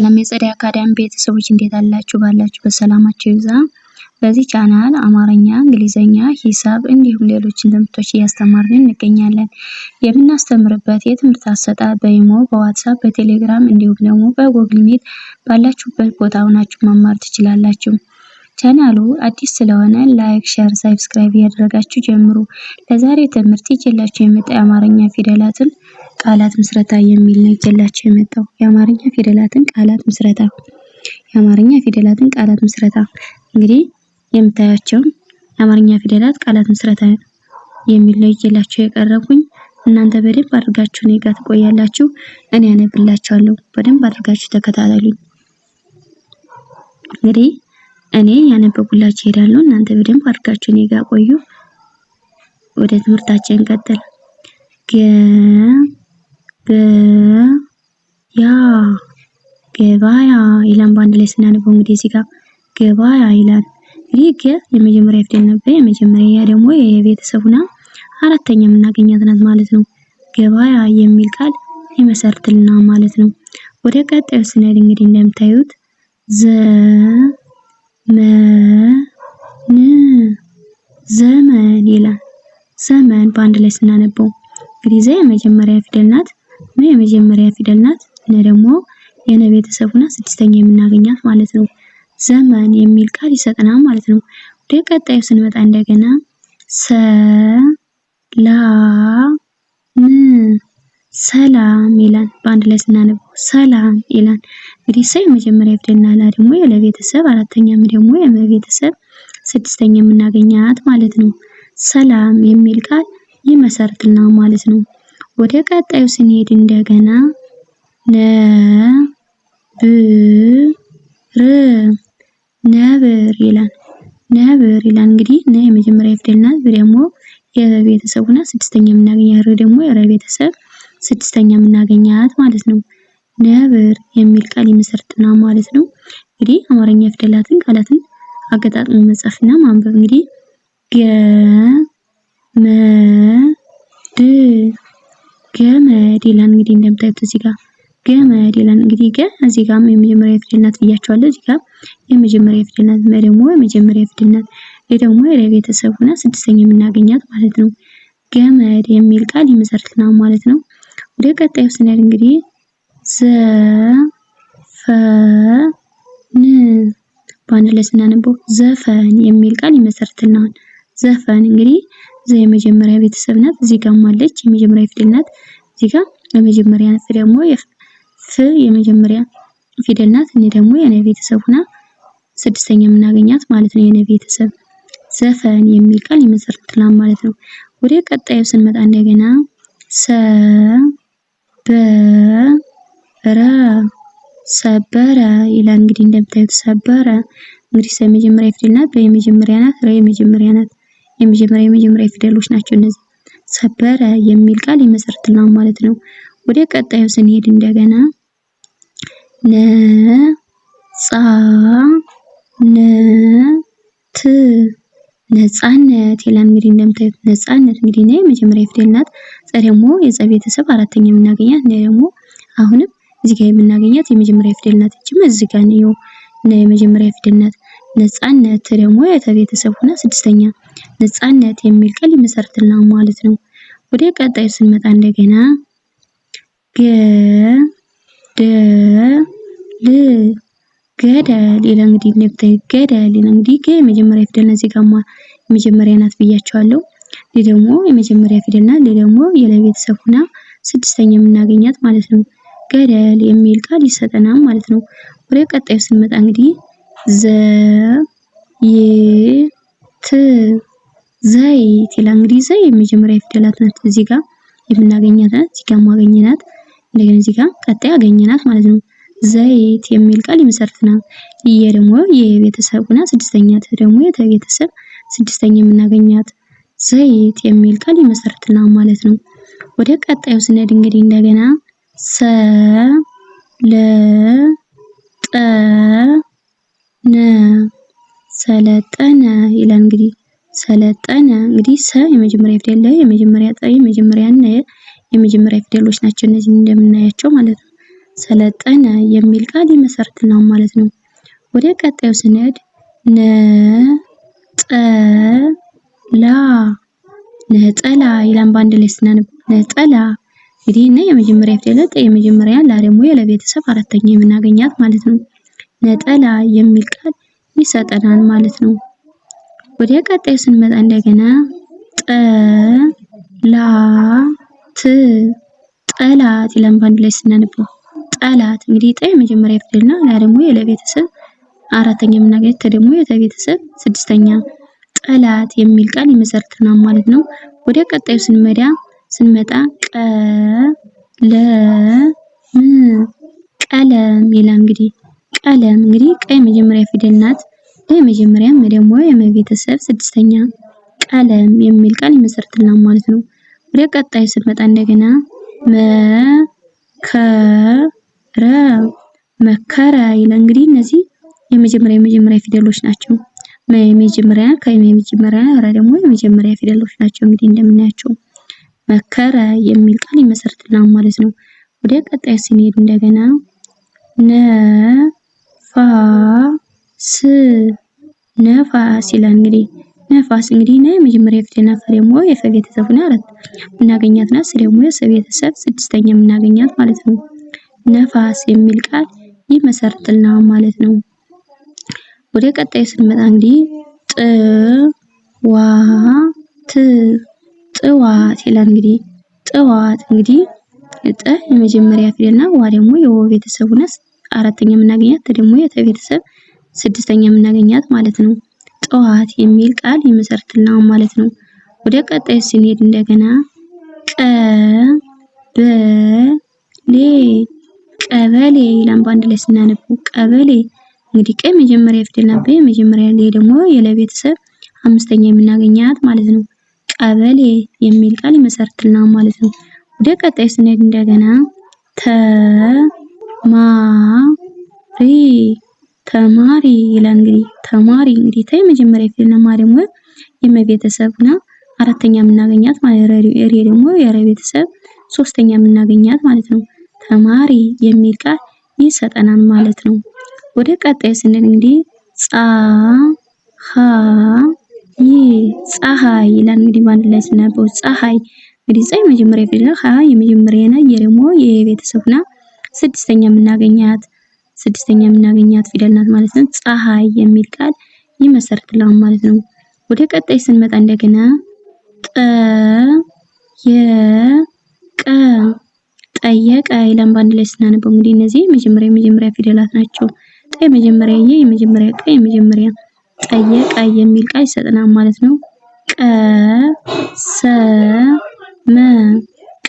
ሰላም የጸደይ አካዳሚ ቤተሰቦች እንዴት አላችሁ? ባላችሁ በሰላማችሁ ይብዛ። በዚህ ቻናል አማርኛ፣ እንግሊዘኛ፣ ሂሳብ እንዲሁም ሌሎችን ትምህርቶች እያስተማርን እንገኛለን። የምናስተምርበት የትምህርት አሰጣጥ በኢሞ፣ በዋትሳፕ፣ በቴሌግራም እንዲሁም ደግሞ በጎግል ሚት ባላችሁበት ቦታ ሆናችሁ መማር ትችላላችሁ። ቻናሉ አዲስ ስለሆነ ላይክ፣ ሸር፣ ሳብስክራይብ እያደረጋችሁ ጀምሩ። ለዛሬ ትምህርት ይዤላችሁ የመጣ የአማርኛ ፊደላትን ቃላት ምስረታ የሚል ነው ይዤላችሁ የመጣው የአማርኛ ፊደላትን ቃላት ምስረታ የአማርኛ ፊደላትን ቃላት ምስረታ እንግዲህ የምታያቸውን የአማርኛ ፊደላት ቃላት ምስረታ የሚል ነው ይዤላችሁ የቀረብኩኝ። እናንተ በደንብ አድርጋችሁ እኔ ጋር ትቆያላችሁ፣ እኔ ያነብላችኋለሁ። በደንብ አድርጋችሁ ተከታተሉኝ እንግዲህ እኔ ያነበብኩላችሁ እሄዳለሁ። እናንተ በደንብ አድርጋችሁ እኔ ጋር ቆዩ። ወደ ትምህርታችን እንቀጥል። ያ ገባያ ይላል። በአንድ ላይ ስናነበው እንግዲህ እዚህ ጋር ገበያ ይላል። እንግዲህ ገ የመጀመሪያ ፊደል ነበር። የመጀመሪያ ደግሞ የቤተሰቡና አራተኛ የምናገኛት ናት ማለት ነው። ገባያ የሚል ቃል ይመሰርትልና ማለት ነው። ወደ ቀጣዩ ስንሄድ እንግዲህ እንደምታዩት ዘ መን ዘመን ይላል። ዘመን በአንድ ላይ ስናነበው እንግዲህ ዘ የመጀመሪያ ፊደል ናት፣ መ የመጀመሪያ ፊደል ናት፣ ነ ደግሞ የነ ቤተሰብ ሆና ስድስተኛ የምናገኛት ማለት ነው። ዘመን የሚል ቃል ይሰጠናል ማለት ነው። ወደ ቀጣዩ ስንመጣ እንደገና ሰ ላ ሰላም ይላል። በአንድ ላይ ስናነበው ሰላም ይላል። እንግዲህ ሰ የመጀመሪያ ፊደልና ላ ደግሞ የለቤተሰብ አራተኛም ደግሞ የመቤተሰብ ስድስተኛ የምናገኛት ማለት ነው። ሰላም የሚል ቃል ይመሰርትልና ማለት ነው። ወደ ቀጣዩ ስንሄድ እንደገና ነ ብ ር ነብር ይላል። ነብር ይላል እንግዲህ ነ የመጀመሪያ ፊደል ብ ደግሞ የቤተሰቡና ስድስተኛ የምናገኛት ር ደግሞ የረ ቤተሰብ ስድስተኛ የምናገኛት ማለት ነው። ነብር የሚል ቃል የመሰርትና ማለት ነው። እንግዲህ አማርኛ ፊደላትን ቃላትን አገጣጥሞ መጻፍና ማንበብ እንግዲህ ገ መ ድ ገመድ ይላል። እንግዲህ እንደምታዩት እዚህ ጋር ገመድ ይላል። እንግዲህ ገ እዚህ ጋር የመጀመሪያ ፊደል ናት ብያቸዋለሁ። እዚህ ጋር የመጀመሪያ ፊደል ናት። መ ደግሞ የመጀመሪያ ፊደል ናት። ደግሞ የቤተሰብ ሆና ስድስተኛ የምናገኛት ማለት ነው። ገመድ የሚል ቃል ይመሰርትና ማለት ነው። ወደ ቀጣዩ ስንሄድ እንግዲህ ን በአንድ ላይ ስናነበው ዘፈን የሚል ቃል ይመሰርትልናል። ዘፈን እንግዲህ ዘ የመጀመሪያ ቤተሰብ ናት። እዚህ ጋር አለች የመጀመሪያ ፊደል ናት። እዚህ ጋር የመጀመሪያ ፍ ደግሞ ፍ የመጀመሪያ ፊደል ናት። እኔ ደግሞ የነ ቤተሰብ ሁና ስድስተኛ የምናገኛት ማለት ነው። የነ ቤተሰብ ዘፈን የሚል ቃል ይመሰርትልናል ማለት ነው። ወደ ቀጣዩ ስንመጣ እንደገና ሰ በረ ሰበረ ይላል። እንግዲህ እንደምታዩት ሰበረ እንግዲህ ሰ የመጀመሪያ ፊደል ናት። በ የመጀመሪያ ናት። ረ የመጀመሪያ ናት። የመጀመሪያ የመጀመሪያ ፊደሎች ናቸው እነዚህ። ሰበረ የሚል ቃል ይመሰርትልናል ማለት ነው። ወደ ቀጣዩ ስንሄድ እንደገና ነ ጻ ነ ት ነፃነት ይላል እንግዲህ እንደምታዩት ነፃነት እንግዲህ ነ የመጀመሪያ ፊደል ናት። ጸ ደግሞ የጸ ቤተሰብ አራተኛ የምናገኛት ነ ደግሞ አሁንም እዚህ ጋር የምናገኛት የመጀመሪያ ፊደል ናት። እችም እዚህ ጋር ነው ነ የመጀመሪያ ፊደል ናት። ነፃነት ደግሞ የተ ቤተሰብ ሆና ስድስተኛ ነፃነት የሚል ቃል ይመሰርትልናል ማለት ነው። ወደ ቀጣይ ስንመጣ እንደገና ገ ደ ል ገደል ይላል እንግዲህ እንደምታይ ገደል ይላል እንግዲህ ገ የመጀመሪያ ፊደል ነው። እዚህ ጋማ የመጀመሪያ ናት ብያቸዋለሁ። ይህ ደግሞ የመጀመሪያ ፊደል ናት። ይህ ደግሞ የለቤተሰብ ሁና ስድስተኛ የምናገኛት ማለት ነው። ገደል የሚል ቃል ይሰጠናል ማለት ነው። ወደ ቀጣዩ ስንመጣ እንግዲህ ዘ የ ት ዘይት ይላል። እንግዲህ ዘ የመጀመሪያ ፊደላት ናት። እዚህ ጋር የምናገኛት ናት። እዚህ ጋር ማገኘናት እንደገና እዚህ ጋር ቀጣይ አገኘናት ማለት ነው። ዘይት የሚል ቃል ይመሰርትናል። የ ደግሞ የቤተሰብ ሆና ስድስተኛ ደግሞ ቤተሰብ ስድስተኛ የምናገኛት ዘይት የሚል ቃል ይመሰርትናል ማለት ነው። ወደ ቀጣዩ ስንሄድ እንግዲህ እንደገና ሰ ለ ጠ ነ ሰለጠነ ይላል እንግዲህ ሰለጠነ እንግዲህ ሰ የመጀመሪያ ፊደል ላይ የመጀመሪያ ጠ የመጀመሪያ ነ የመጀመሪያ ፊደሎች ናቸው እነዚህ እንደምናያቸው ማለት ነው። ሰለጠነ የሚል ቃል ይመሰርትናል ማለት ነው። ወደ ቀጣዩ ስንሄድ ላ ነጠላ ይላል። በአንድ ላይ ስናነብ ነጠላ እንግዲህ እና የመጀመሪያ ፊደላት የመጀመሪያ ላ ደግሞ ለቤተሰብ አራተኛ የምናገኛት ማለት ነው። ነጠላ የሚል ቃል ይሰጠናል ማለት ነው። ወደ ቀጣዩ ስንመጣ እንደገና ት ጠላት ይላል። በአንድ ላይ ስናነበው ቃላት እንግዲህ ጠ የመጀመሪያ ፊደል ነው። ላ ደግሞ የለቤተሰብ አራተኛ የምናገኘው ተ ደግሞ የተቤተሰብ ስድስተኛ ጠላት የሚል ቃል ይመሰርተናል ማለት ነው። ወደ ቀጣዩ ስንመዳ ስንመጣ ቀ ለ ም ቀለም ይላል እንግዲህ ቀለም እንግዲህ ቀ የመጀመሪያ ፊደል ናት። ለ ም ደግሞ የመቤተሰብ ስድስተኛ ቀለም የሚል ቃል ይመሰርትልናል ማለት ነው። ወደ ቀጣዩ ስንመጣ እንደገና መ ከ ረ መከረ ይለ እንግዲህ እነዚህ የመጀመሪያ የመጀመሪያ ፊደሎች ናቸው። የመጀመሪያ ከመጀመሪያ ረ ደግሞ የመጀመሪያ ፊደሎች ናቸው። እንግዲህ እንደምናያቸው መከረ የሚል ቃል ይመሰርትልናል ማለት ነው። ወደ ቀጣይ ስንሄድ እንደገና ነ ፋ ነፋስ ነፋስ ይላል። እንግዲህ ነፋስ እንግዲህ ነ የመጀመሪያ ፊደል ነፈ ደግሞ የፈ ቤተሰብ ሁና አራት የምናገኛት ናት። ስ ደግሞ የሰ ቤተሰብ ስድስተኛ የምናገኛት ማለት ነው። ነፋስ የሚል ቃል ይመሰርትልናል ማለት ነው። ወደ ቀጣይ ስንመጣ እንግዲህ ት ጥዋት ይላል እንግዲህ ጥዋት እንግዲህ ጥ የመጀመሪያ ፊደልና ዋ ደግሞ የወ ቤተሰቡ ናት። አራተኛ የምናገኛት ደግሞ የተ ቤተሰብ ስድስተኛ የምናገኛት ማለት ነው። ጥዋት የሚል ቃል ይመሰርትልናል ማለት ነው። ወደ ቀጣይ ስንሄድ እንደገና ቀ በ ሌ ቀበሌ ይላል በአንድ ላይ ስናነበው ቀበሌ እንግዲህ ቀ መጀመሪያ ፊደል ናት። መጀመሪያ ላይ ደግሞ የለቤተሰብ አምስተኛ የምናገኛት ማለት ነው። ቀበሌ የሚል ቃል ይመሰርትልናል ማለት ነው። ወደ ቀጣይ ስንሄድ እንደገና ተ ማ ሪ ተማሪ ይላል እንግዲህ ተማሪ እንግዲህ ተ የመጀመሪያ ፊደል ነው። ማ ደግሞ የመቤተሰብ ና አራተኛ የምናገኛት ማለት ነው። ሬ ደግሞ የረ ቤተሰብ ሶስተኛ የምናገኛት ማለት ነው። ተማሪ የሚል ቃል ይሰጠናል ማለት ነው። ወደ ቀጣይ ስንል እንግዲህ ፀሐይ ፀሐይ ይላል እንግዲህ በአንድ ላይ ስናነበው ፀሐይ እንግዲህ ፀሐይ የመጀመሪያ ፊደል ሀ የመጀመሪያ ና የ ደግሞ የቤተሰብ ና ስድስተኛ የምናገኛት ስድስተኛ የምናገኛት ፊደል ናት ማለት ነው። ፀሐይ የሚል ቃል ይመሰርትልናል ማለት ነው። ወደ ቀጣይ ስንመጣ እንደገና ጠ የ ጠየቀ ይላል። በአንድ ላይ ስናነበው እንግዲህ እነዚህ የመጀመሪያ የመጀመሪያ ፊደላት ናቸው። ጠ የመጀመሪያ የ የመጀመሪያ ቀ የመጀመሪያ ጠየቀ የሚል ቃል ይሰጠናል ማለት ነው። ቀ ሰ መ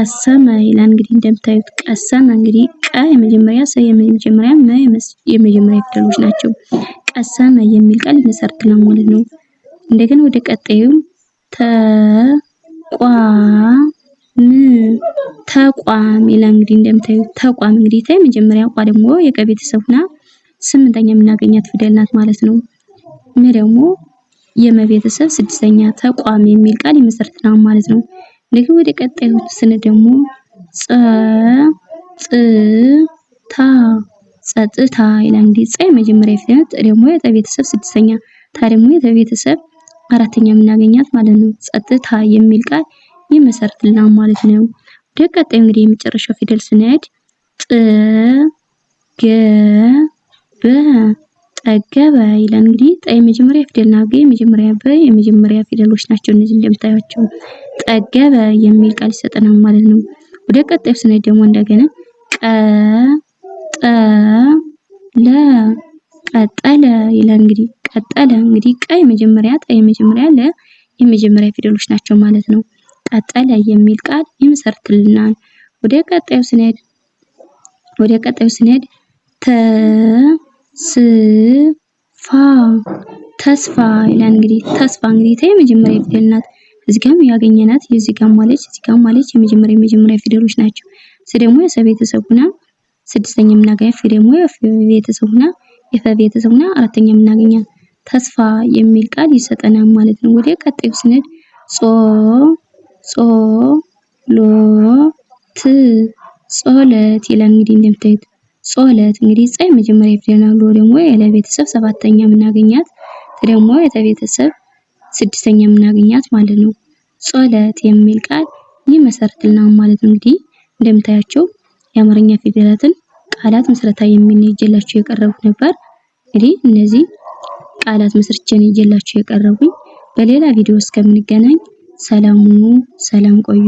ቀሰመ ይላል። እንግዲህ እንደምታዩት ቀሰመ እንግዲህ ቀ የመጀመሪያ ሰ የመጀመሪያ መ የመጀመሪያ ፊደሎች ናቸው። ቀሰመ የሚል ቃል ይመሰርትልናል ማለት ነው። እንደገና ወደ ቀጣዩ ተቋ ተቋም ይላል እንግዲህ እንደምታዩት ተቋም እንግዲህ ተ የመጀመሪያ ቋ ደግሞ የቀ ቤተሰብ ሆና ስምንተኛ የምናገኛት ፊደል ናት ማለት ነው። ም ደግሞ የመቤተሰብ ስድስተኛ ተቋም የሚል ቃል ይመሰርትናል ማለት ነው። እንግዲህ ወደ ቀጣዩ ስን ደግሞ ጸ ጽ ታ ጸጥታ ይላል እንግዲህ ጸ የመጀመሪያ ፊደል ናት። ደግሞ የጠ ቤተሰብ ስድስተኛ ታ ደግሞ የተ ቤተሰብ አራተኛ የምናገኛት ማለት ነው። ጸጥታ የሚል ቃል ይህ መሰረት ልናም ማለት ነው። ወደ ቀጣይ እንግዲህ የመጨረሻው ፊደል ስንሄድ ጥ ገ በ ጠገበ ይለን እንግዲህ ጠ የመጀመሪያ ፊደል ና ገ የመጀመሪያ በ የመጀመሪያ ፊደሎች ናቸው። እነዚህ እንደምታያቸው ጠገበ የሚል ቃል ይሰጠናል ማለት ነው። ወደ ቀጣይ ስንሄድ ደግሞ እንደገና ቀ ጠ ለ ቀጠለ ይለን እንግዲህ ቀጠለ እንግዲህ ቀ የመጀመሪያ ጠ የመጀመሪያ ለ የመጀመሪያ ፊደሎች ናቸው ማለት ነው። ቀጠለ የሚል ቃል ይመሰርትልናል። ወደ ቀጣዩ ስንሄድ ወደ ቀጣዩ ስንሄድ ተስፋ ተስፋ ይላል። እንግዲህ ተስፋ እንግዲህ ተ የመጀመሪያ ፊደል ናት። እዚህ ጋም ያገኘናት የዚህ ጋም ማለች እዚህ ጋም ማለች የመጀመሪያ የመጀመሪያ ፊደሎች ናቸው። ስ ደግሞ የሰ ቤተሰብ ሁና ስድስተኛ የምናገኛት ፊ ደግሞ የፍ ቤተሰብ ሁና የፈ ቤተሰብ ሁና አራተኛ የምናገኛት ተስፋ የሚል ቃል ይሰጠናል ማለት ነው። ወደ ቀጣዩ ስንሄድ ጾም ጾሎት ጾለት ይላል እንግዲህ እንደምታዩት ጾለት እንግዲህ ጸ የመጀመሪያ ፊደል ነው። ሎ ደግሞ የለ ቤተሰብ ሰባተኛ የምናገኛት ደግሞ የተቤተሰብ ስድስተኛ የምናገኛት ማለት ነው። ጾለት የሚል ቃል ይመሰርትልናል ማለት ነው። እንግዲህ እንደምታያቸው የአማርኛ ፊደላትን ቃላት ምስረታ የሚል ነው ይዤላችሁ የቀረቡት ነበር። እንግዲህ እነዚህ ቃላት መስርቼ ነው ይዤላችሁ የቀረቡኝ። በሌላ ቪዲዮ እስከምንገናኝ ሰላም ሁኑ ሰላም ቆዩ።